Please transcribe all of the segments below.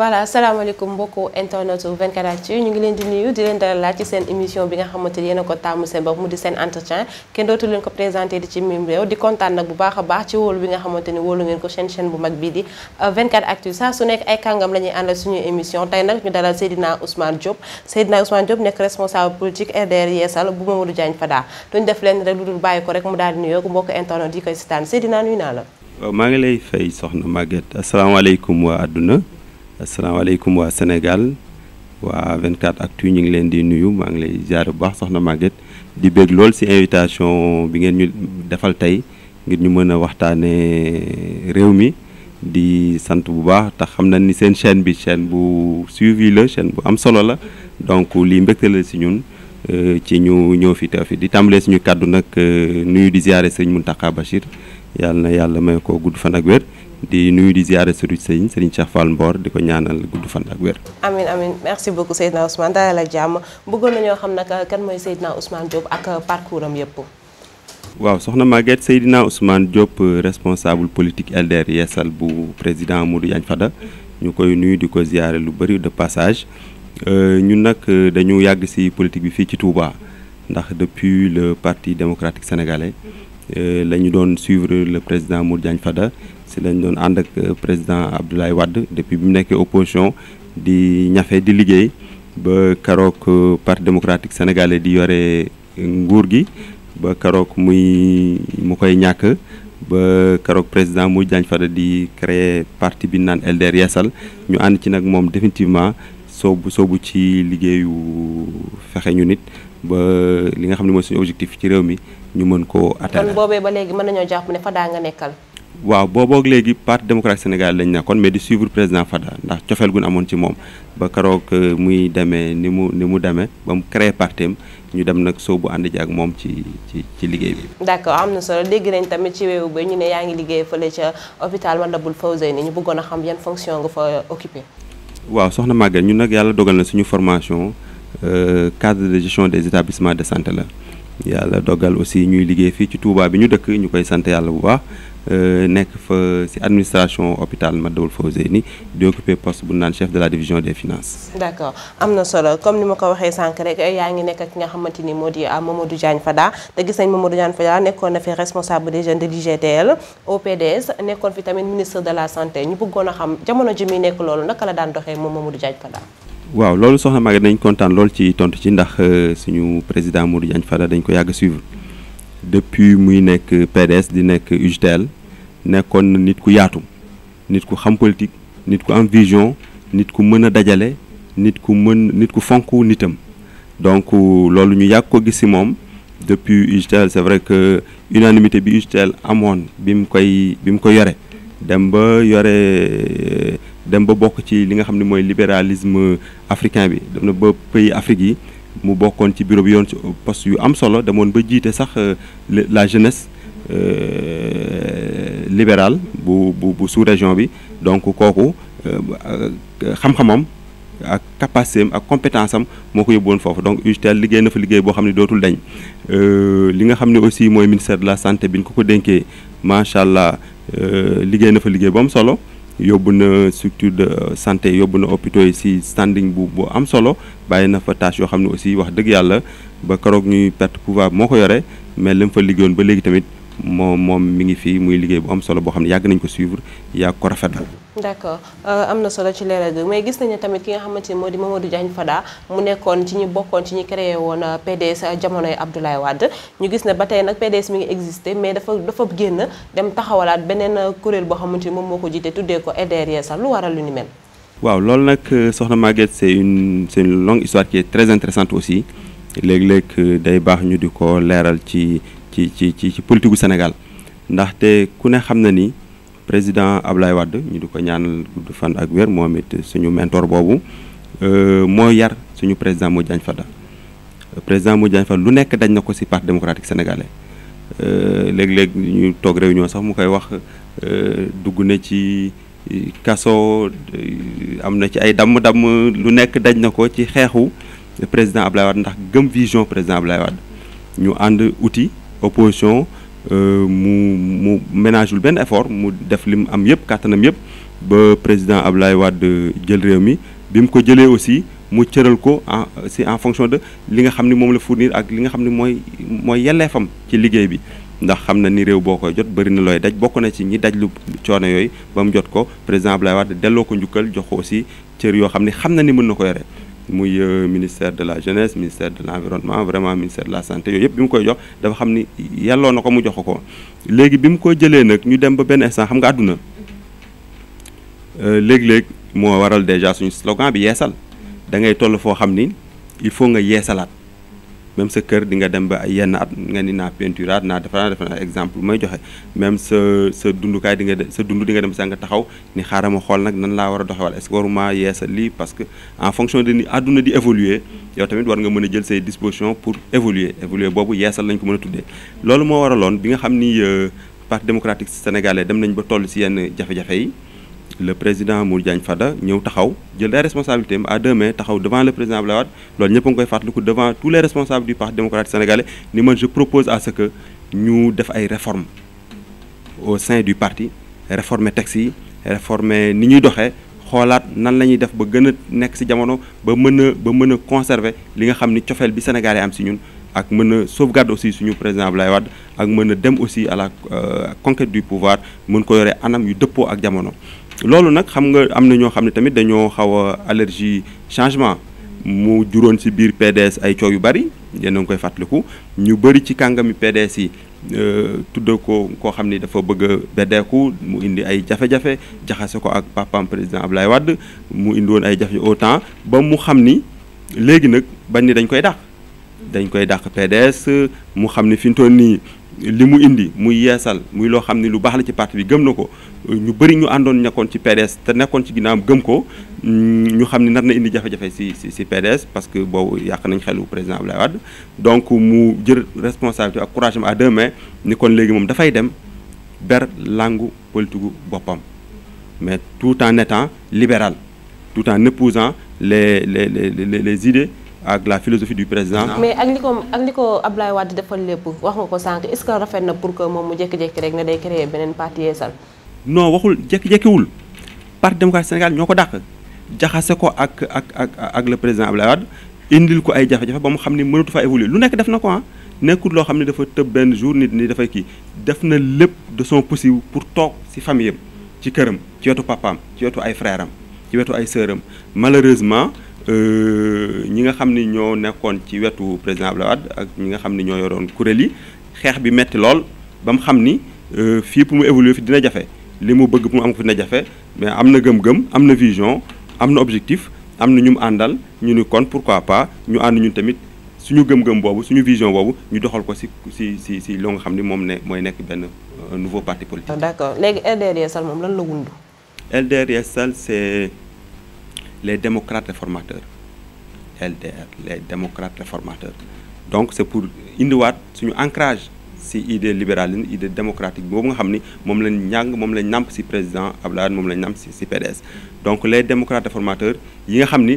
voilà salaamaaleykum mbokk internet 24actu ñu ngi leen di nuyu di leen dalal laaj ci seen émission bi nga xamante ni yéen a ko taamu seen bopp mu di seen entretien kenn dootu leen ko présenté di ci mim réew di kontaan nag bu baax a baax ci wóolu bi nga xamante ni wóolu ngeen ko chaîne chaîne bu mag bii di 24actu euh, saa su nekk ay kàngam la ñuy àndal suñuy émission tey nag ñu dalal Seydina Ousmane Diop Seydina Ousmane Diop nekk responsable politique RDR ko rek mu daal di nuyoo mbokku internet yi naa la waaw maa ngi lay fay soxna Maguette asalaamaaleykum asalaamaaleykum waa Sénégal waa vingt 24 actu ñu ngi leen di nuyu maa ngi lay ziare bu baax soxna Maguette di bég lool ci invitation bi ngeen ñu defal tey ngir ñu mën a waxtaanee réew mi di sant bu baax tax xam na ni seen chaîne bi chaîne bu suivi la chaîne bu am solo la donc lii mbégte la ci ñun euh, ci ñu ñëw fi teew fi di tàmbalee suñu kàddu nag euh, nuyu di ziare sëñ Mountakha Bachir yàlla na yàlla may ko gudd fan ak wér. di nuyu di ziare sëriñ sëriñ sëriñ Cheikh Fall di ko ñaanal gudd fan ak wér. amiin amiin merci beaucoup Seydina Ousmane dalal la jàmm bëggoon nañoo xam nag kan mooy Seydina Ousmane Diop ak parcours am yëpp. waaw soxna Maguette Seydina Ousmane Diop responsable politique LDR yeesal bu président Modou Diagne Fada ñu koy nuyu di ko ziare lu bëri de passage euh, ñun nag dañu yàgg ci politique bi fii ci Touba ndax depuis le parti démocratique sénégalais. Euh, la ñu doon suivre le président Modou Diagne Fada si lañ doon ànd ak euh, président Abdoulaye wadd depuis bi mu nekkee opposition di ñafe di liggéey ba karoog euh, parti démocratique sénégalais di yore nguur gi ba karoog muy mu koy ñàkk ba karoog président Modou Diagne Fada di créer parti bi naan LDR Yeesal ñu ànd ci nag moom définitivement soobu soobu ci liggéeyu fexe ñu nit ba li nga xam ne mooy suñu objectif ci réew mi ñu mën koo atteindre. kon boobee ba léegi mën nañoo jàpp ne Fada nga nekkal. waaw booboog léegi parti démocratique Sénégal lañ nekkoon mais di suivre président Fada ndax cofeel gu ñu amoon ci moom ba keroog euh, muy demee ni mu ni mu demee ba mu créé parti ñu dem nag soobu ànd ji ak moom ci ci ci liggéey bi. d'accord am na solo dégg nañ tamit ci wéewu ba ñu ne yaa ngi liggéey fële ca hôpital Matlaboul Fawzeyni ñu bëggoon xam yan fonction nga fa occupé. waaw soxna Maguette ñun nag yàlla dogal na suñu formation euh, cadre de gestion des établissements de santé la yàlla dogal aussi ñuy liggéey fii ci Touba bi ñu dëkk ñu koy sant yàlla bu baax Euh, nekk fa ci administration hôpital Matlaboul Fawzeyni di occupé poste bu naan chef de la division des finances. d'accord am na solo comme ni ma ko waxee sànq rek yaa ngi nekk ki nga xamante ni moo di ah, Mamadou Diagne Fada te gis nañ Mamadou Diagne Fada nekkoon na fi responsable des jeunes de l'IGTL au PDS nekkoon fi tamit ministre de la santé ñu bëggoon a xam jamono ji muy nekk loolu naka la daan doxee moom Mamadou Diagne Fada. waaw loolu soxna Maguette dañ kontaan lool ci tontu ci ndax euh, suñu président Mamadou Diagne Fada dañ ko yàgg suivre. depuis muy nekk PDS di nekk UJTL nekkoon na nit ku yaatu nit ku xam politique nit ku am vision nit ku mën a dajale nit ku mën nit ku fonk nitam donc loolu ñu yàgg ko gis ci moom depuis UJTL c'est vrai que unanimité bi UJTL amoon bi mu koy bi mu ko yore dem ba yore dem ba bokk ci li nga xam ne mooy libéralisme africain bi dem na ba pays Afrique yi mu bokkoon ci bureau bi yoon ci poste yu am solo demoon ba jiite sax euh, la jeunesse euh, libérale bu bu bu sous région bi donc kooku euh, xam-xamam ak capacité am ak compétence am moo ko yóbbuwoon foofu donc UJTL liggéey na fa liggéey boo xam ne dootul dañ li nga xam ne aussi mooy ministère de la santé bi ñu ko ko dénkee macha allah liggéey na fa liggéey bu am solo. yóbbu na structure de euh, santé yóbbu na hôpitaux yi si standing bu bu am solo bàyyi na fa tâche yoo xam ne aussi wax dëgg yàlla ba keroog ñuy perte pouvoir moo ko yore mais li mu fa liggéeyoon ba léegi tamit moom moom mi ngi fii muy liggéey bu am solo boo xam ne yàgg nañ ko suivre yàgg ko rafetlu. d'accord euh, am na solo ci leeral gi mais gis nañu tamit ki nga xamante ni moo di Mamadou Diagne Fada mu nekkoon ci ñu bokkoon ci ñu créé woon euh, PDS euh, jamonoy Abdoulaye Wade ñu gis ne ba tey nag PDS mi ngi existé mais dafa dafa génn dem taxawalaat beneen kuréel boo xamante ni moom moo ko jiite tuddee ko EDR Yeesal lu waral lu ni mel. waaw loolu nag soxna Maguette c'est une c'est une longue histoire qui est très aussi léegi léeg day baax ñu di ko leeral ci. ci ci ci ci politique gu Sénégal ndaxte ku ne xam na ni président Ablaye wadd ñu du ko ñaan gudd fan ak wér moom it suñu mentor boobu euh, mooy yar suñu président Modou Diagne Fada président Modou lu nekk dañ na ko ci parti démocratique sénégalais euh, léeg-léeg ñu toog réunion sax mu koy wax euh, dugg na ci kaso am na ci ay damm-damm lu nekk daj na ko ci xeexu président Ablaye Wade ndax gëm vision président lay Wade ñu ànd uti opposition euh, mu mu ménagewul benn effort mu def lim am yëpp kàttanam yëpp ba président Abdoulaye Wade jël réew mi bi mu ko jëlee aussi mu cëral ko en si en fonction de li nga xam ni moom la fournir ak li nga xam ni mooy mooy yelleefam ci liggéey bi ndax xam na ni réew boo koy jot bëri na looy daj bokk na ci ñi daj lu coono yooyu ba mu jot ko président Abdoulaye Wade delloo ko njukkal jox ko aussi cër yoo xam ni xam na ni mën na ko yore muy euh, ministère de la jeunesse ministère de l' environnement vraiment ministère de la santé yooyu yëpp bi mu koy jox dafa xam ni yàlloo na ko mu jox ko léegi bi mu ko jëlee nag ñu dem ba benn instant xam nga àdduna euh, léeg-léeg moo waral déjà suñu slogan bi yeesal da ngay toll foo xam ni il faut nga yeesalaat. même sa kër di nga dem ba ay yenn at nga ni naa peinturaat naa defaraat defe naa exemple may joxe même sa sa dundukaay di nga sa dund di nga dem sa nga taxaw ni xaaral ma xool nag nan laa war a doxewal est-ce que waruma yeesal lii parce que en fonction de ni àdduna di évoluer yow tamit war nga mën a jël say disposition pour évoluer évoluer boobu yeesal lañ ko mën a tuddee loolu moo waraloon bi nga xam ni euh, parti démocratique sénégalais dem nañ ba toll si yenn jafe yi le président Mour Diagne Fada ñëw taxaw jël ay responsabilités à deux mains taxaw devant le président Abdoulaye Wade loolu ñëpp a ngi koy fàttaliku devant tous les responsables du parti démocratique sénégalais ni man je propose que ñu def ay réformes au sein parti réformer texte yi réformer ni ñuy doxee xoolaat nan la ñuy def ba gën a nekk ci jamono ba mën a ba mën a conserver li nga xam ni cofeel bi sénégalais am si ñun ak mën a sauvegarde aussi suñu président Abdoulaye Wade ak mën a dem aussi à la euh, conquête du pouvoir mën ko yore anam yu dëppoo ak jamono. loolu nag xam nga am na ñoo xam ne tamit dañoo xaw a allergie changement mu juróon ci biir PDS ay coow yu bari yéen a koy fàttaliku ñu bëri ci kàngami PDS yi euh, tudda ko koo xam ni dafa bëgg a mu indi ay jafe-jafe jaxase ko ak papam président Ablaye Wade mu indi woon ay jafe au temps ba mu xam ni léegi nag bañ ni dañ koy dàq dañ koy dàq PDS mu xam ni fi mu toll nii li mu indi muy yeesal muy loo xam ne lu baax la ci parti bi gëm na ko ñu bëri ñu àndoon nekkoon ci PDS te nekkoon ci ginnaawam gëm ko ñu xam ne nar na indi jafe-jafe si si si PDS parce que boobu yàq nañ xelu président Abdoulaye Wade donc mu jël responsabilité ak courage am à deux mains ni kon léegi moom dafay dem ber langu politiku boppam mais tout en étant libéral tout en épousant les les les les, les idées ak la philosophie du président. mais ak li ko ak li ko Abdoulaye lépp wax nga ko sànq est-ce rafet na pour que moom mu jékki-jékki rek ne day créer beneen parti yeesal. non waxul jékki-jékkiwul parti démocratique Sénégal ñoo ko dàq jaxase ko ak ak ak ak le président Abdoulaye Wade indil ko ay jafe-jafe ba mu xam ni mënatu fa évoluer lu nekk def na ko ah nekkul loo xam ne dafa tëb benn jour nit ni dafay kii def na lépp de son possible pour toog si famille am ci këram ci wetu papaam ci ay frères ci wetu ay sœurs am malheureusement. Euh, ñi nga xam ni ñoo nekkoon ci wetu président Abdoulaye Wade ak ñi nga xam ni ñoo yoroon kuréel yi xeex bi metti lool ba mu xam ni euh, fii pour mu évoluer fi dina jafe li mu bëgg pour mu am ko fi dina jafe mais am na gëm-gëm am na vision am na objectif am na ñu mu àndal ñu ni kon pourquoi pas ñu ànd ñun tamit suñu gëm-gëm boobu suñu vision boobu ñu doxal ko si si si si loo nga xam ni moom ne mooy nekk benn euh, nouveau parti politique. d'accord léegi LDR Yeesal moom lan la wund. LDR les démocrates réformateurs LDR les démocrates réformateurs donc c'est pour indiwaat suñu ancrage si idée libéralisme idée démocratique boobu nga xam ni moom lañ njàng moom lañ nàmp si président Abdoulaye Wade moom lañ nàmp si si PDS donc les démocrates réformateurs yi nga xam ni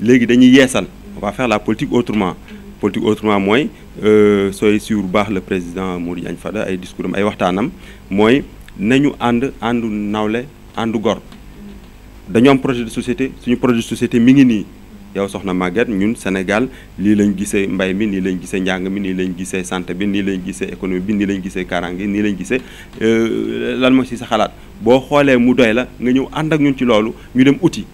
léegi dañuy yeesal on va faire la politique autrement politique autrement mooy euh, sooy suivre bu baax la président Modou Diagne Fada ay discours ay waxtaanam mooy nañu ànd àndu nawle àndu gor dañu am projet de société suñu projet de société mi ngi nii yow soxna màgget ñun Sénégal lii lañ gisee mbay mi nii lañ gisee njàng mi nii lañ gisee santé bi nii lañ gisee économie bi nii lañ gisee kaaraange nii lañ gise euh, lan moo ci sa xalaat boo xoolee mu doy la nga ñëw ànd ak ñun ci loolu ñu dem uti.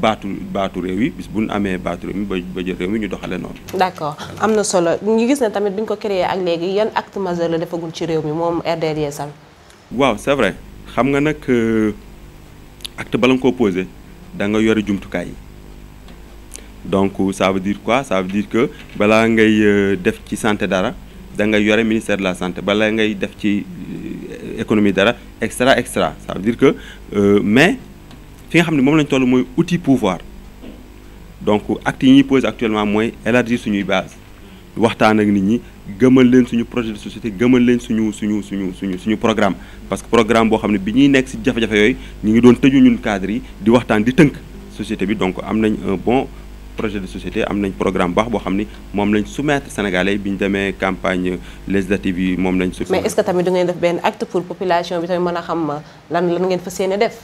baatu baatu réew yi bis bu ñu amee baatu réew mi ba ba jël réew mi ñu doxale noonu. d'accord am na solo ñu gis ne tamit bi ñu ko créé ak léegi yan acte majeur ci réew mi moom RDR waaw c'est vrai xam nga nag. Euh, acte bala nga koo posé da nga yore jumtukaay yi donc ça veut dire quoi ça veut dire que balaa ngay euh, def ci santé dara da nga yore ministère de la santé bala ngay def ci euh, économie dara extra extra ça veut dire que euh, mais fi nga xam ne moom lañ toll mooy outil pouvoir donc acte yi ñuy pose actuellement mooy élargir suñuy base waxtaan ak nit ñi gëmal leen suñu projet de société gëmal leen suñu suñu suñu suñu suñu programme parce que programme boo xam ne bi ñuy nekk ci jafe-jafe yooyu ñu ngi doon tëju ñun cadre yi di waxtaan di tënk société bi donc am nañ un bon projet de société am nañ programme baax boo xam ni moom lañ soumettre sénégalais bi ñu demee campagne législative yi moom lañ soumettre mais est-ce que tamit du ngeen def benn acte pour population bi tamit mën a xam lan lan ngeen fas yéene def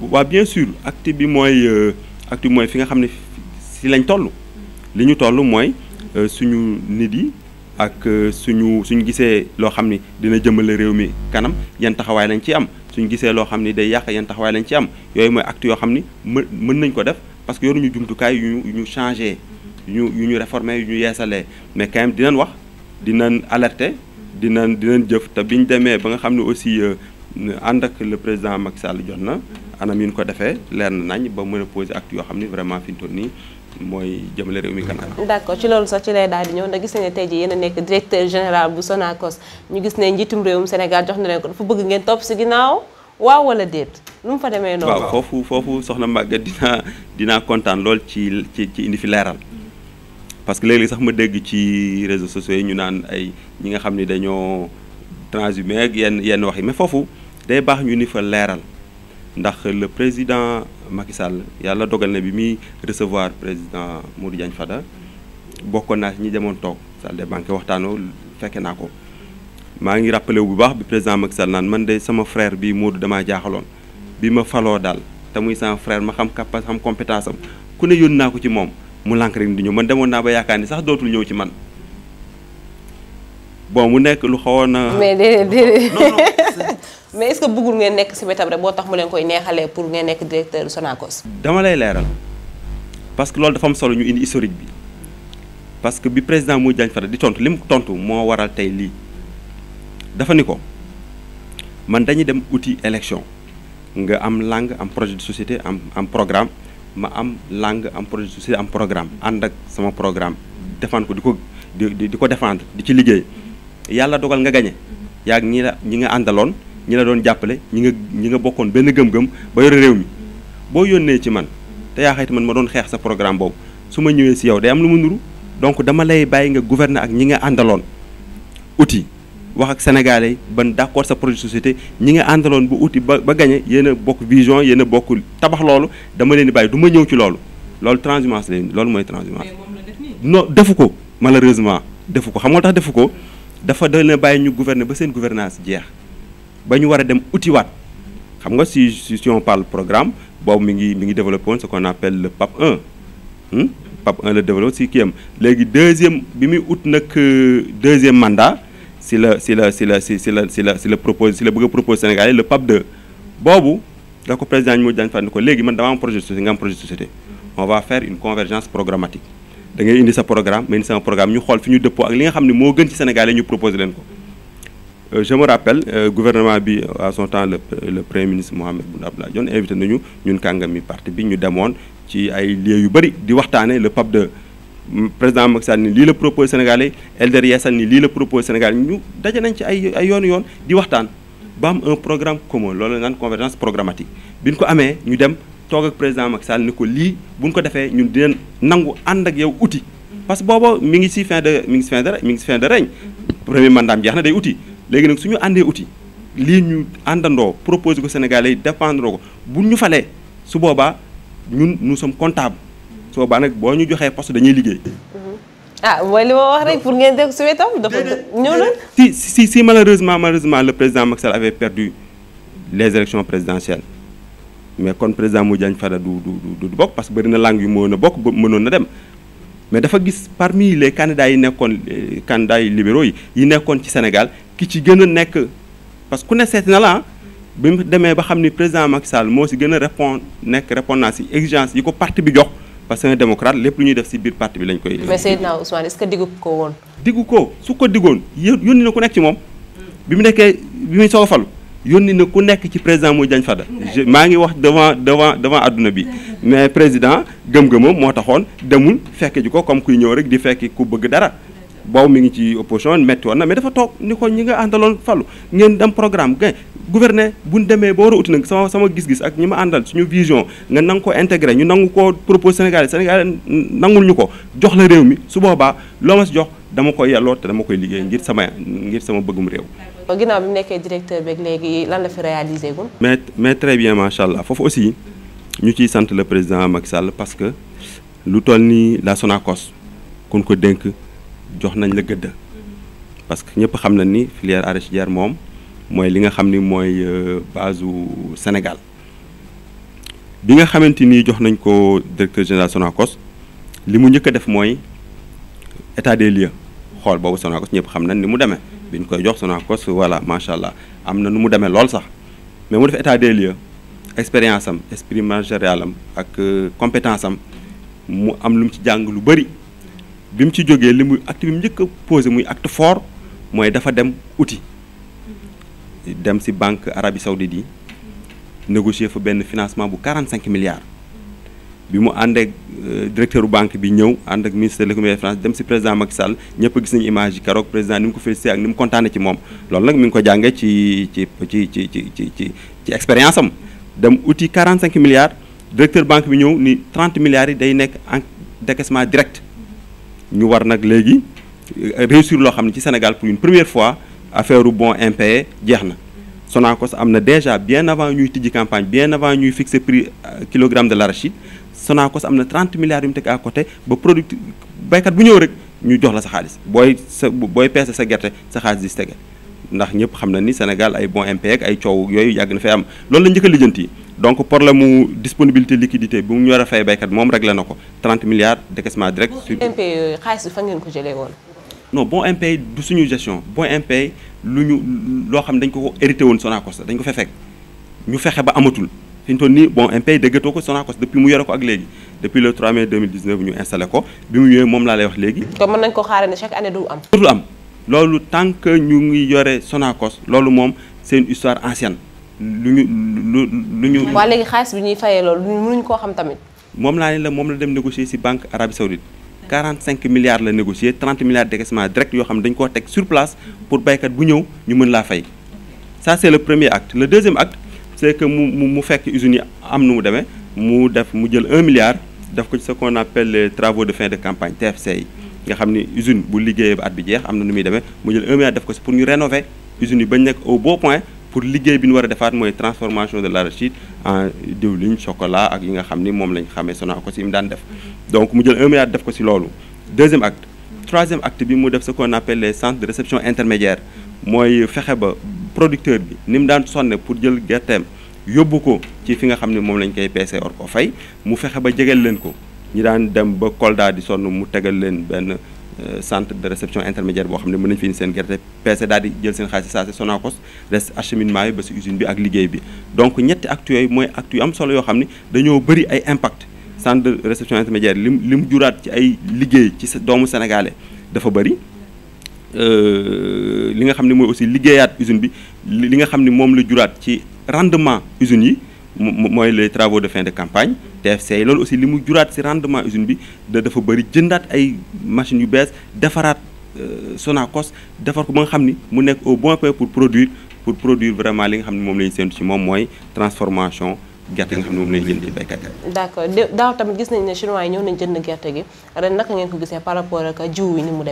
waaw bien sûr acte bi mooy euh, acte bi fi nga xam ne si lañ toll li ñu toll mooy Euh, suñu nit yi ak euh, suñu suñu gisee loo xam ni dina jëmale réew mi kanam yan taxawaay lañ ci am suñu gisee loo xam ni day yàq yan taxawaay lañ ci am yooyu mooy act yoo xam ni mën mën nañ ko def parce que yoruñu jumtukaay yu ñu yu ñu changé yu ñu yu ñu réformé yu ñu yeesalee mais quand même dinañ wax dinañ alerte dinañ dinañ jëf te biñ demee ba nga xam ne aussi euh, ànd ak le président Macky Sall jot na anam yu ñu ko defee leer na nañ ba mën a poser acte yoo xam ni vraiment fi ñu toll nii mooy jëmale réew mi kanam. d'accord ci loolu sax ci lay daal di ñoo ndax gis ne tey jii yéen a nekk directeur général bu Sonacos ñu gis ne njiitum réewum Sénégal jox na leen ko dafa bëgg ngeen topp si ginnaaw waaw wala déet lu mu fa demee noonu. waaw foofu foofu soxna Maguette dinaa dinaa kontaan lool ci ci ci indi fi leeral. parce que léegi sax ma dégg ci réseaux sociaux yi ñu naan ay ñi nga xam ni dañoo transhumé ak yenn yenn wax yi mais foofu day baax ñu ni fa leeral. ndax le président Macky Sall yàlla dogal na bi muy recevoir président Modou Diagne Fada bokkoon naa ñi demoon toog salle des banques waxtaanoo fekke naa ko maa ngi rappelé wu bu baax bi président Macky Sall naan man de sama frair bi Modou damaa jaaxaloon bi ma faloo daal te muy sama frère ma xam capa xam compétence am ku ne yónni naa ko ci moom mu lànk rek di ñëw man demoon naa ba yaakaar ni sax dootul ñëw ci man bon mu nekk lu xawoon na. mais est-ce que bëggul ngeen nekk si wetam rek boo tax mu leen koy neexalee pour ngeen nekk directeur Sonacos. dama lay leeral parce que loolu dafa am solo ñu indi historique bi parce que bi président muy Diagne Fada di tontu li mu tontu moo waral tey lii dafa ni ko man dañuy dem outil élection nga am langue am projet de société am am programme ma am langue am projet de société am programme ànd ak sama programme defaan ko di ko di di ko défendre di ci liggéey yàlla dogal nga gañe yaa ngi ñi nga àndaloon. ñi la doon jàppale ñi nga ñi nga bokkoon benn gëm-gëm ba yore réew mi boo yónnee ci man te yaa xayti man ma doon xeex sa programme boobu su ma ñëwee si yow day am lu ma nuru donc dama lay bàyyi nga gouverner ak ñi nga àndaloon uti wax ak sénégalais ban d'accord sa projet société ñi nga àndaloon bu uti ba ba gañe yéen a bokk vision yéen a bokk tabax loolu dama leen di bàyyi du ñëw ci loolu loolu transhumance la loolu mooy transhumance no defu ko malheureusement defu ko xam nga tax defu ko dafa da bàyyi ñu gouverner ba seen gouvernance jeex ba ñu war a dem utiwaat xam nga si si on parle programme boobu mi ngi mi ngi développé woon ce qu'on appelle le PAP 1 hmm? PAP 1 la développé si kii am léegi deuxième bi muy ut nag euh, deuxième mandat si la si la si la si la si la si propose si le PAP 2 boobu da ko président moo daan fàttali ko léegi man dama projet société nga am projet société on va faire une convergence programmatique da indi sa programme ma indi sama programme ñu xool fi ñu dëppoo ak li nga xam ne moo ko Euh, je me rappelle euh, gouvernement bi à son temps le le premier ministre Mohamed Boun Abdallah Dionne invité nañu ñun kàngami parti bi ñu demoon ci ay lieux yu bëri di waxtaane le PAP 2 mm, président Macky Sall ni lii la proposé Sénégalais Elder Yeesal ni lii la proposé Sénégal ñu daje nañ ci ay ay yoon yoon di waxtaan ba am un programme commun loolu naan convergence programmatique bi ko amee ñu dem toog ak président Macky Sall ni ko lii bu ñu ko defee ñun dinañ nangu ànd ak yow uti. parce que boobu mi ngi si fin de mi ngi si fin mi ngi si fin de règne premier mandat jeex uti. léegi nag su ñu àndee outil lii ñu àndandoo proposé ko Sénégalais yi dépendre ko bu ñu falee su boobaa ñun nu sommes comptables su boobaa nag boo ñu joxee poste dañuy liggéey. ah mooy li ma wax rek pour ngeen dégg su wetam dafa ñëw si si si malheureusement malheureusement le président Macky Sall avait perdu les élections présidentielles mais kon président Modou Diagne Fada du du du bokk parce que bëri na langue yu moo a bokk ba mënoon na dem. mais dafa gis parmi les candidats yi nekkoon candidats yi yi yi nekkoon ci Sénégal ki ci gën a nekk parce que ku ne seet na la bi mu demee ba xam ni président Macky Sall moo si gën a répond nekk répond naa exigence yi ko parti bi jox parce que un démocrate lépp ñu def si biir parti bi lañ koy. mais Seydina Ousmane est-ce ko woon. diggu ko su ko diggoon yónni na ku nekk ci moom. bi mu nekkee bi muy soog a falu yónni na ku nekk ci président muy Diagne Fada. maa ngi wax devant devant devant adduna bi. mais président gëm-gëmam moo taxoon demul fekk ji ko comme kuy ñëw rek di fekk ku bëgg dara. boobu mi ngi ci opposition metti woon mais dafa toog ni ko ñi nga àndaloon falu ngeen dem programme ga gouverner bu ñu demee ba war a uti nag sama sama gis-gis ak ñi ma àndal suñu vision nga nangu ko intégré ñu nangu ko propose Sénégal Sénégal nangul ñu ko jox la réew mi su boobaa loo ma si jox dama koy yelloo te dama koy liggéey ngir sama ngir sama bëggum réew. ginnaaw bi mu nekkee directeur beeg léegi lan la fi mais mais très bien macha allah foofu aussi ñu ciy sant le président Macky Sall parce que lu toll nii la Sonacos kun ko dénk. jox nañ la gëdd parce que ñëpp xam na ni filière arachidière moom mooy li nga xam ni mooy euh, base u Sénégal bi nga xamante nii jox nañ ko directeur général Sonacos li mu njëkk def mooy état de lieux xool boobu Sonacos ñëpp xam nañ ni mu demee bi ñu koy jox Sonacos voilà macha allah am na nu mu demee lool sax mais mu def état des lieux expérience am esprit gérial am ak euh, compétence am mu am lu mu ci jàng lu bëri. bi mu ci jógee li muy acte njëkk posé muy acte fort mooy dafa dem uti dem ci banque Arabie Saoudite yi négocier fa benn financement bu 45 milliards bi mu ànd ak euh, directeur banque bi ñëw ànd ak ministre de l'économie et des dem si président Macky Sall ñëpp gis nañu image yi keroog président ni mu ko félicité ak ni mu kontaane ci moom loolu nag mi ngi ko jàngee ci ci ci ci ci ci ci expérience am dem uti 45 milliards directeur banque bi ñëw ni 30 milliards yi day nekk en décaissement direct ñu war nag léegi euh, réussir loo xam ne ci Sénégal pour une première fois affaire u bon impayé jeex na sa am na déjà bien avant ñuy tijji campagne bien avant ñuy fixer prix euh, kilogramme de l'arachide sa am na 30 milliards yu mu teg à côté ba producteur baykat bu ñëw rek ñu jox la sa xaalis booy sa booy peese sa gerte sa xaalis di tege ndax ñëpp xam na ni Sénégal ay bon MP ak ay coow yooyu yàgg na fay am loolu la njëkk a lijjanti donc problème mu disponibilité liquidité bu mu war fay béykat moom réglé na ko 30 milliards décaissement direct. sur bon MP bi suñu gestion bon MP lu ñu loo xam dañ ko hérité woon Sonacos dañ ko mu yore ko ak léegi depuis le 3 mai 2019 ñu installé ko bi mu ñëwee moom laa lay wax léegi. kon mën nañu ko xaaree ne chaque année du am. loolu tant que ñu ngi yore Sonacos loolu moom seen une histoire ancienne lu ñu lu lu ñu. waa léegi xaalis bi ñuy fayee loolu mënuñ koo xam tamit. moom laa ne la moom la dem négocier ci banque Arabie Saoudite 45 milliards la négocier 30 milliards décaissement direct yoo xam dañ ko teg sur pour baykat bu ñëw ñu mën laa fay. ça c'est le premier acte le deuxième acte c'est que mu mu mu fekk usines yi am nu mu demee mu def mu jël un milliard def ko ci ce qu'on appelle les de fin de campagne TFC nga xam ni usine bu liggéeyee ba at bi jeex am na nu muy demee mu jël 1 milliard def ko si pour ñu rénover usines yi bañ nekk au beau point pour liggéey bi ñu war a defaat mooy transformation de l'arachide en diwlin chocolat ak yi nga xam ni moom lañ xamee ko yi mu daan def donc mu jël 1 milliard def ko si loolu deuxième acte troisième acte bi mu def ce qu'on appelle les centres de réception intermédiaire mooy fexe ba producteur bi ni mu daan sonne pour jël gerteem yóbbu ko ci fi nga xam ne moom lañ koy peese or ko fay mu fexe ba jegeel leen ko ñi daan dem ba Kolda di sonn mu tegal leen benn euh, centre de réception intermédiaire boo xam ne mën nañ fi indi seen gerte peese daal di jël seen xaalis saa si Sonacos des acheminement yi ba si usine bi ak liggéey bi donc ñetti actes yooyu mooy actes am solo yoo xam ne dañoo bëri ay impact centre de réception intermédiaire li mu juraat ci ay liggéey ci doomu sénégalais dafa bëri euh, li nga xam ne mooy aussi liggéeyaat usine bi li nga xam ne moom la juraat ci rendement usines yi mooy les travaux de fin de campagne TFC loolu aussi li mu juraat ci rendement usine bi da dafa bëri jëndaat ay machine yu bees defaraat euh, Sonacos defar ko ba nga xam ni mu nekk au bon point pour produire pour produire vraiment li nga xam ne moom la ñu séntu ci moom mooy transformation gerte gi nga xam ne moom la ñu jënd ci béykat yi. d'accord daaw tamit gis nañ ne chinois yi ñëw nañ jënd gerte gi ren naka ngeen ko gisee par rapport ak jiw wi ni mu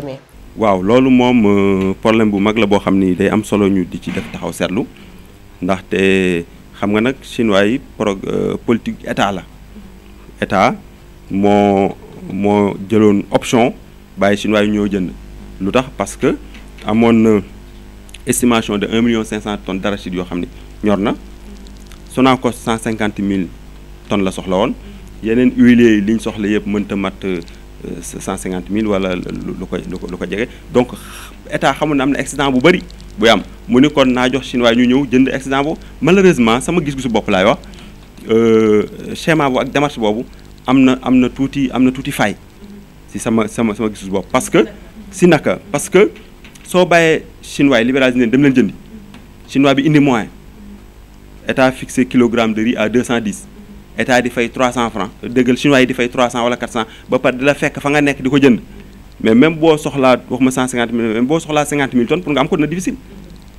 waaw loolu moom euh, problème bu mag la boo xam ni day am solo ñu di ci def taxaw seetlu ndaxte. xam nga nag chinois yi pro euh, politique état la état moo moo jëloon option bàyyi chinois yi ñoo jënd lu tax parce que amoon na estimation de un million cinq cent tonnes d'arachide yoo xam ni ñor na Sonacos cent cinquante mille ton la soxla woon yeneen huiliers yi soxla yëpp mënta mat euh, cent cinquante mille wala lu ko lu ko jege donc état xamul ne am na excédent bu bëri buy am mu ni kon naa jox chinois ñu ñëw jënd accident bu malheureusement sama gis-gisu bopp laay wax euh, schéma bu ak démarche boobu am na am na tuuti am na tuuti fay si sama sama sama gisu bopp parce que si naka parce que soo bàyyee chinois yi libéralisé leen dem leen jëndi chinois bi indi moyen état fixé kilogramme de riz à deux cent dix état di fay trois cent franc dëggal chinois yi di fay trois cent wala quatre cent ba pare di la fekk fa nga nekk di ko jënd mais même boo soxlaa wax ma 150 000 même boo soxlaa 50 000 tonnes pour nga am ko dina difficile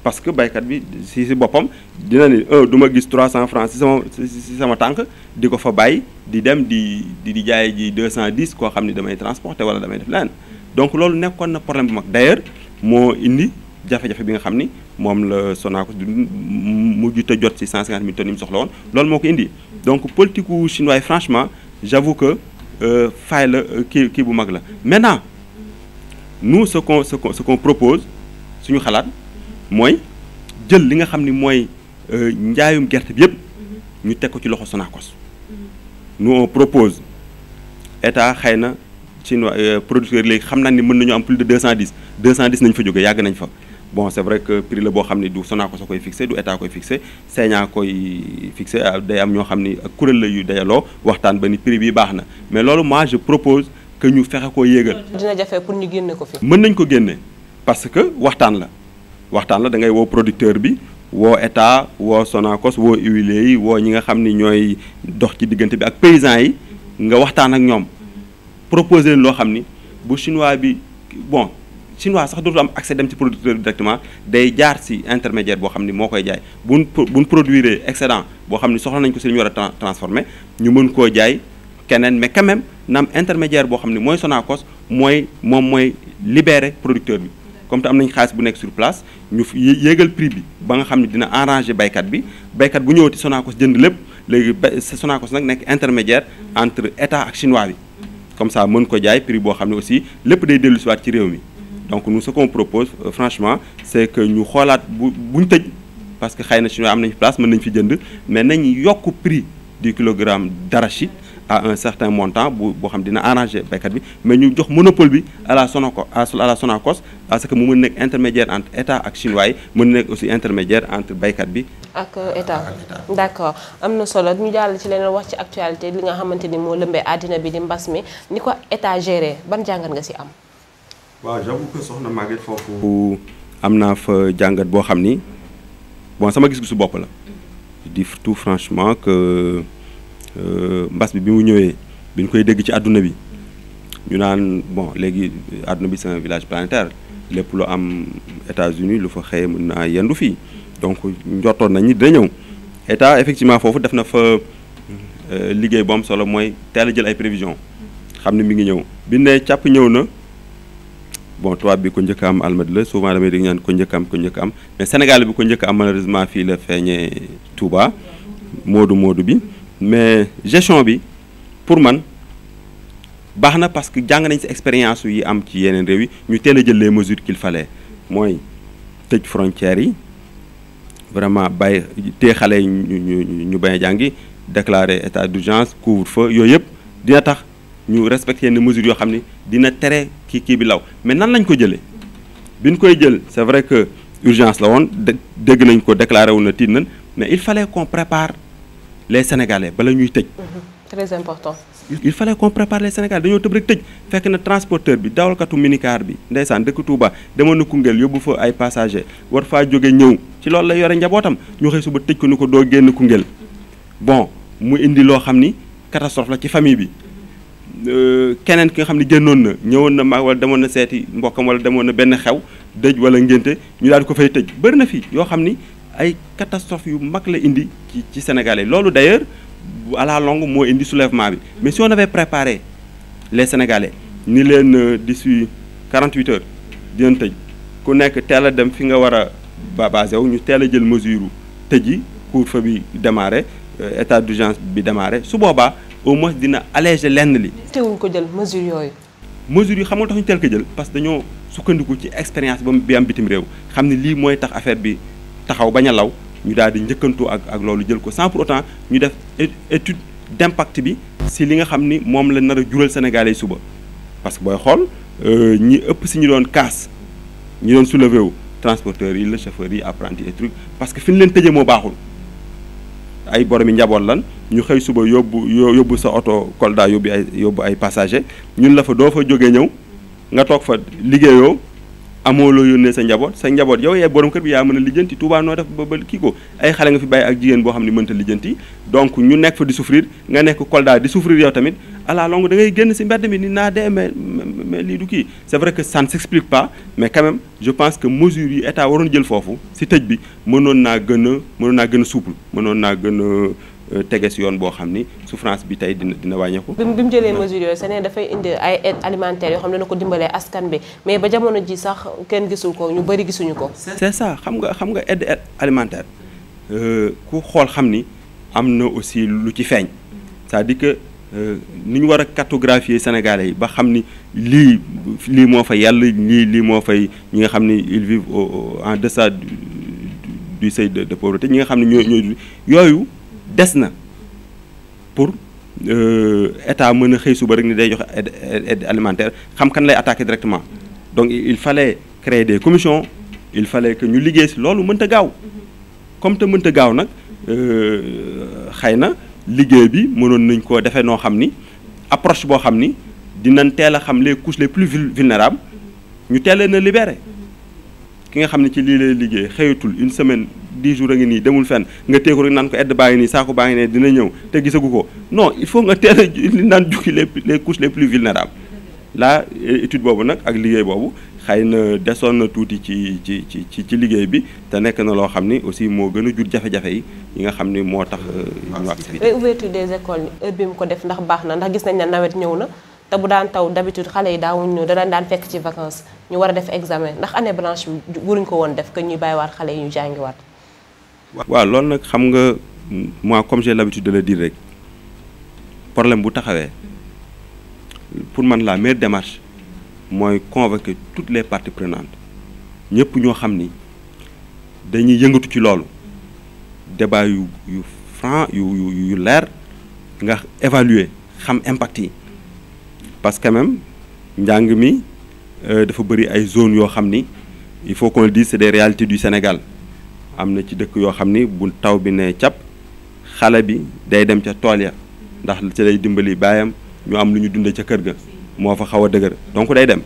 parce que baykat bi si si boppam dina ni un gis 300 cent si sama si sama tànk di ko fa bàyyi di dem di di di jaay ji 210 koo xam ni damay transporter wala damay def leneen donc loolu nekkoon na problème bu mag d'ailleurs moo indi jafe-jafe bi nga xam ni moom la Sonacos du mu te jot si 150 000 tonnes yi mu soxla woon loolu moo ko indi donc politique gu chinois yi franchement j'avoue que euh, faay la euh, kii kii bu mag la maintenant. nous ce qu'on ce qu'on ce qu'on propose suñu xalaat mooy jël li nga xam ni mooy euh, njaayum gerte bi yëpp ñu teg ko ci loxo Sonacos nous on propose état xëy na ci euh, producteurs yi léegi xam naa ni mën nañu am plus de deux cent dix deux cent dix nañ fa jógee yàgg nañ fa bon c'est vrai que prix la boo xam ne du Sonacos a koy fixé du état koy fixé Sénat koy fixé day am ñoo xam ni kuréel la yu dajaloo waxtaan ba ni prix bii baax na mais loolu moi je propose que ñu fexe koo yéegal. dina jafe pour ñu génne ko fi. mën nañ ko génne parce que waxtaan la waxtaan la dangay ngay woo producteur bi woo état woo Sonacos woo huiliers yi woo ñi nga xam ni ñooy dox ci diggante bi ak paysans yi nga waxtaan ak ñoom proposer loo xam ni bu chinois bi bon. chinois sax dootul am accès dem ci producteur bi directement day jaar ci intermédiaire boo xam ni moo koy jaay bu buñ produire excedent boo xam ni soxla nañ ko ci li ñu war a transformer ñu mën koo jaay keneen mais quand même am intermédiaire boo xam ne mooy sonakos mooy moom mooy libérer producteur bi comme te am nañ xaalis bu nekk sur place ñu yéegal prix bi ba nga xam ne dina arranger baykat bi baykat bu ñëw ñëwati Sonacos jënd lépp léegi Sonacos nag nekk intermédiaire entre état ak chinois bi comme ça mën ko jaay prix boo xam ne aussi lépp day dellu siwaat ci réew mi donc nous ce qu'on propose euh, franchement c'est que ñu xoolaat bu buñ tëj parce que xëy na chinois am nañ place mën nañ fi jënd mais nañ yokk prix du kilogramme d'arachide à un certain montant bu boo xam dina arrangé béykat bi mais ñu jox monopole bi à la Sonaco à la Sonacos parce que mu mën nekk intermédiaire entre ak chinois yi mën nekk aussi intermédiaire entre béykat bi. ak euh, état accord am na solo ñu jàll ci leneen wax ci actualité li nga xamante ni moo lëmbee àddina bi di mbas mi ni ko état géré ban jàngat nga si am. waaw soxna Maguette foofu. am naa fa jàngat boo xam ni bon sama gis-gisu bopp la. di tout franchement que. Euh, mbas bi bi mu ñëwee bi ñu koy dégg ci àdduna bi ñu naan bon léegi àdduna bi c'est village planétaire lépp lu am États-Unis lu fa xëyee mën naa yendu fii donc njortoon nañ ni dina ñëw état effectivement foofu def na fa euh, liggéey bu am solo mooy teel a jël ay prévisions xam ne mu ngi ñëw bi ne càpp ñëw na bon tubaab bi ko njëkk am almad la souvent damay dégg ñaan ko njëkk am ko njëkk am mais Sénégal bi ko njëkk am malheureusement fii la feeñee Touba moodu moodu bi mais gestion bi pour man baax na parce que jàng nañ si expérience yi am ci yeneen réew yi ñu teel a jël les mesures qu'il mooy tëj frontière yi vraiment bàyyi téye xale yi ñu ñu ñu bañ a jàngi déclarer état d'urgence couvre-feu yooyu yëpp dina tax ñu respecter yenn mesures yoo xam ni dina tere ki kii bi law mais nan lañ ko jëlee bi ñu koy jël c'est vrai que urgence la woon dégg nañ ko déclaré wu na tiit nañ mais il fale qu'on prépare les sénégalais bala ñuy tëj. Mhm. très important. il fallait qu'on prépare les sénégalais dañoo tëb rek tëj fekk na transporteur bi dawalkatu minicar bi ndeysaan dëkk tuuba demoon na Koungheul yóbbu fa ay passager war faa jóge ñëw ci loolu la yore njabootam ñu xëy suba tëj ko ni ko doo génn Koungheul bon mu indi loo xam ni catastrophe la ci famille bi. Euh, keneen ki nga xam ne génnoon na ñëwoon na mag wala demoon na seeti mbokkam wala demoon na benn xew dëj wala ngénte ñu daal di ko fay tëj bëri na fi yoo xam ni ay catastrophe yu mag la indi ci ci sénégalais loolu d'ailleurs à la longue moo indi soulèvement bi mais si on avait préparé les sénégalais ni leen euh, d'ici 48 heures dinañ tëj ku nekk teel a dem fi nga war a basé wu ñu teel a jël mesure tëji couvre-feu bi démarré euh, état d'urgence bi démarré su boobaa au moins dina alléger lenn li. teewuñ ko jël mesure yooyu. mesures yi xam nga tax ñu teel ko jël parce que dañoo sukkandiku ci expérience ba bi am bitim réew xam ne lii mooy tax affaire bi. taxaw ba a law ñu daal di njëkkantoo ak ak loolu jël ko sans pour autant ñu def étude d'impact bi si li nga xam ni moom la nar a jural sénégalais suba parce que booy xool euh, ñi ëpp si ñu doon kaas ñu doon soulever wu transporteurs yi la chauffeurs yi apprenti et truc que fi ñu leen tëjee moo baaxul ay boromi njaboot lan ñu xëy suba yóbbu yóbbu sa oto Kolda yóbbu ay yóbbu ay passager ñun la fa doo fa jógee ñëw nga toog fa liggéeyoo amoo loo yónnee sa njaboot sa njaboot yow yaay borom kër bi yaa mën a lijjanti Touba noo def ba ba kii ko ay xale nga fi bàyyi ak jigéen boo xam ne mënta lijjanti donc ñu nekk fa di souffrir nga nekk Kolda di souffrir yow tamit à la longue da ngay génn si mbedd mi ni naa dee mais mais lii du kii c'est vrai que ça ne s'explique pas mais quand je pense que mesures yi état waroon jël foofu si tëj bi mënoon naa gën a mënoon naa gën a souple mënoon naa gën a Euh, tege si yoon boo xam ni souffrance bi tey dina dina wàññeeku. bi mu jëlee mesures yooyu sa dafay indi ay aide alimentaire yoo xam ne dana ko dimbalee askan bi mais ba jamono ji sax kenn gisul ko ñu bëri gisuñu ko. c'est ça xam nga xam nga aide alimentaire euh, ku xool xam ni am na aussi lu ci feeñ à dire que euh, ni ñu war a cartographier sénégalais yi ba xam ni lii lii moo fa yàlla lii lii moo fay ñi nga xam ni ils vivent en deçà du seuil de pauvreté ñi nga xam ne ñoo ñoo yooyu. des na pour euh, état mën a xëy suba rek ni day joxe aide alimentaire xam kan lay attaquer directement donc il fallait créer des commissions il fallait que ñu liggéey si loolu mënta gaaw comme te mënta gaaw nag euh, xëy na liggéey bi mënoon nañ ko defee noo xam ni approche boo xam ni dinañ teel a xam les couches les plus vulnérables ñu teel leen a libérer ki nga xam ne ci lii lay liggéey xëyatul une semaine dix jours a ngi nii demul fenn nga téeku rek naan ko edd baa ngi nii saako baa ngi ne dina ñëw te gisagu ko non il faut nga teel a li naan jukki les les couches les plus vulnérables là étude boobu nag ak liggéey boobu xay na desoon na tuuti ci ci ci ci liggéey bi te nekk na loo xam ni aussi moo gën a jur jafe-jafe yi yi nga xam ni moo tax euh, ñu activité ouverture des écoles heure bi mu ko ndax baax na ndax gis nañ ne nawet ñëw te bu daan taw d'habitude xale yi daawuñ ñu da daan fekk ci vacances ñu war a def examen ndax année blanche bi waruñ ko woon def que ñuy bàyyiwaat xale yi ñu jàngiwaat. waa loolu nag xam nga moi comme j'ai l'habitude de la dire rek problème bu taxawee pour man la meilleure démarche mooy convoquer toutes les parties prenantes ñëpp ñoo xam ni dañuy yëngatu ci loolu débat yu yu franc yu yu yu leer nga évaluer xam impact yi. parce que même njàng mi euh, dafa bëri ay zone yoo xam ni il faut qu'on le dise c'est des réalités du Sénégal am na ci dëkk yoo xam ni bu taw bi ne cap xale bi day dem ca tool ya ndax ca lay dimbali baayam ñoo am lu ñu dundee ca kër ga moo fa xaw a dëgër donc day dem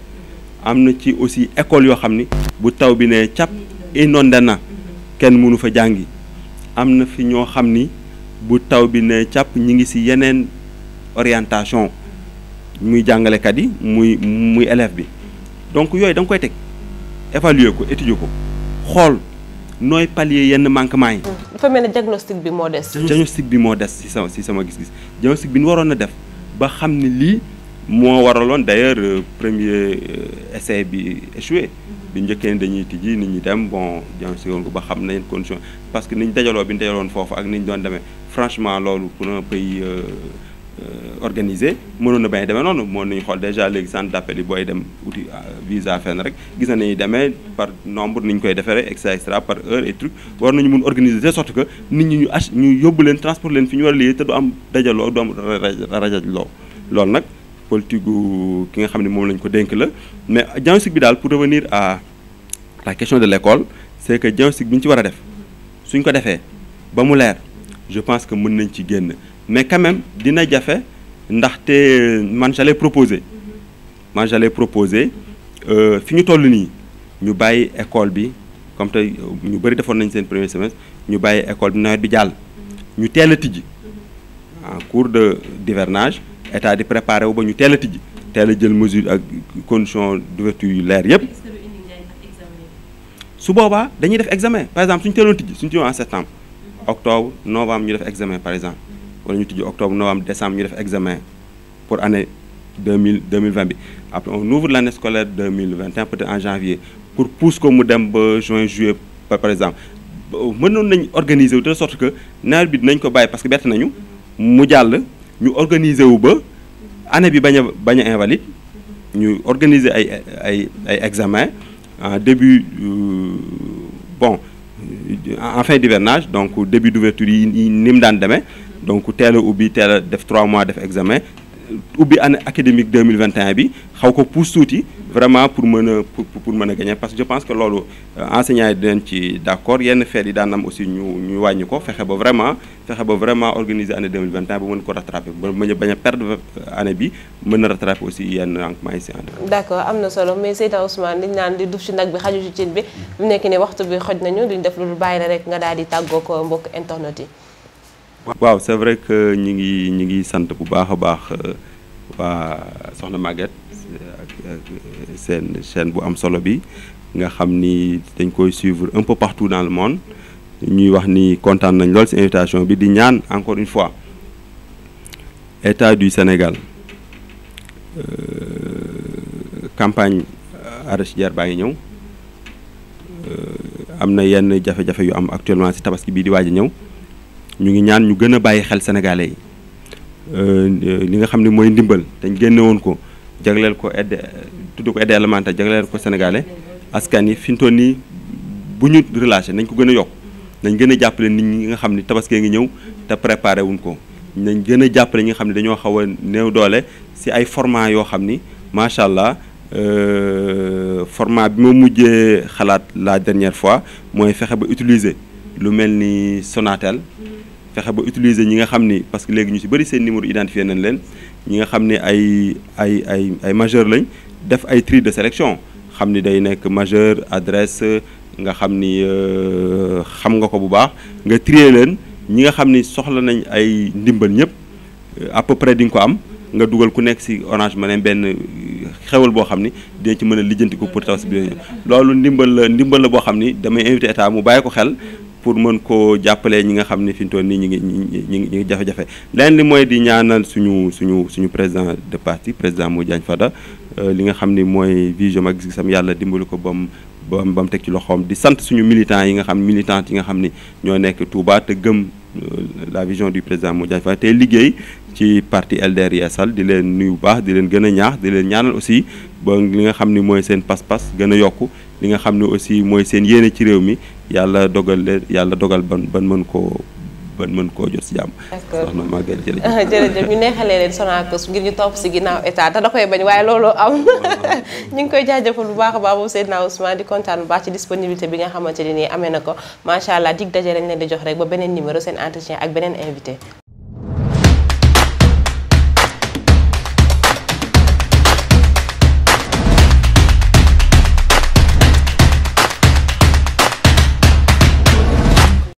am na ci aussi école yoo xam ni bu taw bi ne cap inondé na kenn mënu fa jàngi am na fi ñoo xam ni bu taw bi ne cap ñi ngi ci yeneen orientation muy jàngalekat yi muy muy élève bi donc yooyu da koy teg évaluer ko étudier ko xool nooy pallier yenn manquement yi. Hmm, dafa mel ne diagnostic bi moo des. diagnostic bi moo des si sama si sama gis-gis diagnostic bi ñu waroon na def ba xam ne lii moo waraloon d'ailleurs euh, premier euh, essai bi échoué. Hmm. bi njëkkee ni dañuy tijji nit ñi dem bon diagnostic woon ko ba xam nañ condition parce que ñu dajaloo bi ñu dajaloon foofu ak ñu doon demee franchement loolu pour un pays. Euh, Euh, organisé mënoon na bañ a demee noonu moo nañu xool déjà léegi centre d'appel yi booy dem uti euh, visa fenn rek gis na nañu demee par nombre ni ñu koy deferee extra extra par heure et truc war nañu mun organiser de sorte que nit ñi ñu ach ñu yóbbu leen transport leen fi ñu war a liggéey te du am dajaloo du am loo loolu nag politique gu ki nga xam ne moom lañ ko dénk la mais diagnostic bi daal pour revenir à la question de l'école c'est que diagnostic bi ñu ci war a def suñ ko defee ba mu leer je pense que mën nañ ci génn mais quand même dina jafe ndaxte man j'allais proposer man j'allais proposer euh, fi ñu toll nii ñu bàyyi école bi comme tey ñu bëri defoon nañ seen premier semestre ñu bàyyi école bi nawet bi jàll ñu teel a tijji en cours de divernage état di préparé wu ba ñu teel a tijji teel a jël mesure ak condition d'ouverture yu leer yëpp su boobaa dañuy def examen par exemple suñu teeloon tijji suñu teeloon en septembre octobre novembre ñu def examen par exemple wala ñu tijji octobre novembre décembre ñu def examen pour année deux mille deux mille vingt bi après on ouvre l' année scolaire deux mille vingt et un peut être en janvier pour pousse ko mu dem ba juin juillet par exemple mënoon nañ organiser wu de sorte que nawet bi dinañ ko bàyyi parce que bett nañu mu jàll ñu organiser wu ba année bi bañ a bañ a invalide ñu organiser ay ay ay examen en début euh, bon en fin d'hivernage donc début d'ouverture yi ni mu daan demee donc teel ubbi teel def 3 mois def examen ubbi année académique bi xaw ko pousse tuuti vraiment pour mën a pour pour mën a parce que je pense que loolu euh, enseignants yi dinañ ci d'accord yenn feet yi daan am aussi ñu wàññi ko fexe ba vraiment fexe ba vraiment organiser année 2021 ba mën ko rattraper ba mën a rattraper aussi yenn manquements yi si année d'accord am na solo mais Seydina Ousmane liñ naan di duf ci nag bi xaju ci cin bi bu nekk ne waxtu bi xoj nañu duñ def waaw c'est vrai que ñi ngi ñi ngi sant bu baax a baax euh, waa Soxna Maguette ak euh, seen chaîne bu am solo bi nga xam ni dañ koy suivre un peu partout dans le monde ñuy wax ni kontaan nañ lool ci invitation bi di ñaan encore une fois état du Sénégal euh, campagne arachidière baa ngi ñëw am na yenn jafe-jafe yu am actuellement ci tabaski bii di waaj a ñëw ñu ngi ñaan ñu gën a bàyyi xel sénégalais yi euh, li nga xam ne mooy ndimbal dañ génne woon ko jagleel ko aide tudd ko aide alimentaire jagleel ko sénégalais askan yi fi mu toll nii bu ñu relâché nañ ko gën a yokk nañ gën a jàppale nit ñi nga xam ni tabaskee ngi ñëw te préparé wuñ ko nañ gën a jàppale ñi nga xam ne dañoo xaw a néew doole si ay format yoo xam ni macha allah euh, format bi ma mujjee xalaat la dernière fois mooy fexe ba utiliser lu mel ni Sonatel fexe ba utiliser ñi nga xam ni parce que léegi ñu si bëri seen numéro identifié nañ leen ñi nga xam ne ay ay ay ay majeur lañ def ay tri de sélection xam ni day nekk majeur adresse nga xam ni euh, xam nga ko bu baax nga trier leen ñi nga xam ni soxla nañ ay ndimbal ñëpp euh, à peu près di nga ko am nga dugal ku nekk ci Orange Money benn euh, xewal boo xam ni dina ci mën a lijjanti ko pour taw si loolu ndimbal la ndimbal la boo xam ni damay invité état mu bàyyi ko xel pour mën koo jàppalee ñi nga xam ne fi mu nii ñu ngi ñu ngi jafe-jafe leneen li mooy di ñaanal suñu suñu suñu président de parti président mu Diagne Fada euh, li nga xam ni mooy vision ak gis-gisam yàlla dimbali ko bam mu ba mu teg ci loxoom di sant suñu militants yi nga xam militants yi nga xam ni ñoo nekk Touba te gëm euh, la vision du président Modou Diagne Fada tey liggéey ci parti LDR Yeesal di leen nuyu baax di leen gën a ñaax di leen ñaanal aussi ba li nga xam ni mooy seen pas-pas gën a yokk li nga xam ne aussi seen yéene ci réew mi yàlla dogal leen yàlla dogal ban ban mën koo ban mën koo jot si jàmm. d'accord soxna Maguette ah, ñu neexalee leen Sonacos ngir ñu topp si ginnaaw état te da koy bañ waaye looloo am ñu ngi koy jaajëfal bu baax a baax naa Seydina Ousmane di kontaan bu baax ci disponibilité bi nga xamante ne nii amee na ko macha allah dig daje lañ leen di jox rek ba beneen numéro seen entretien ak beneen invité.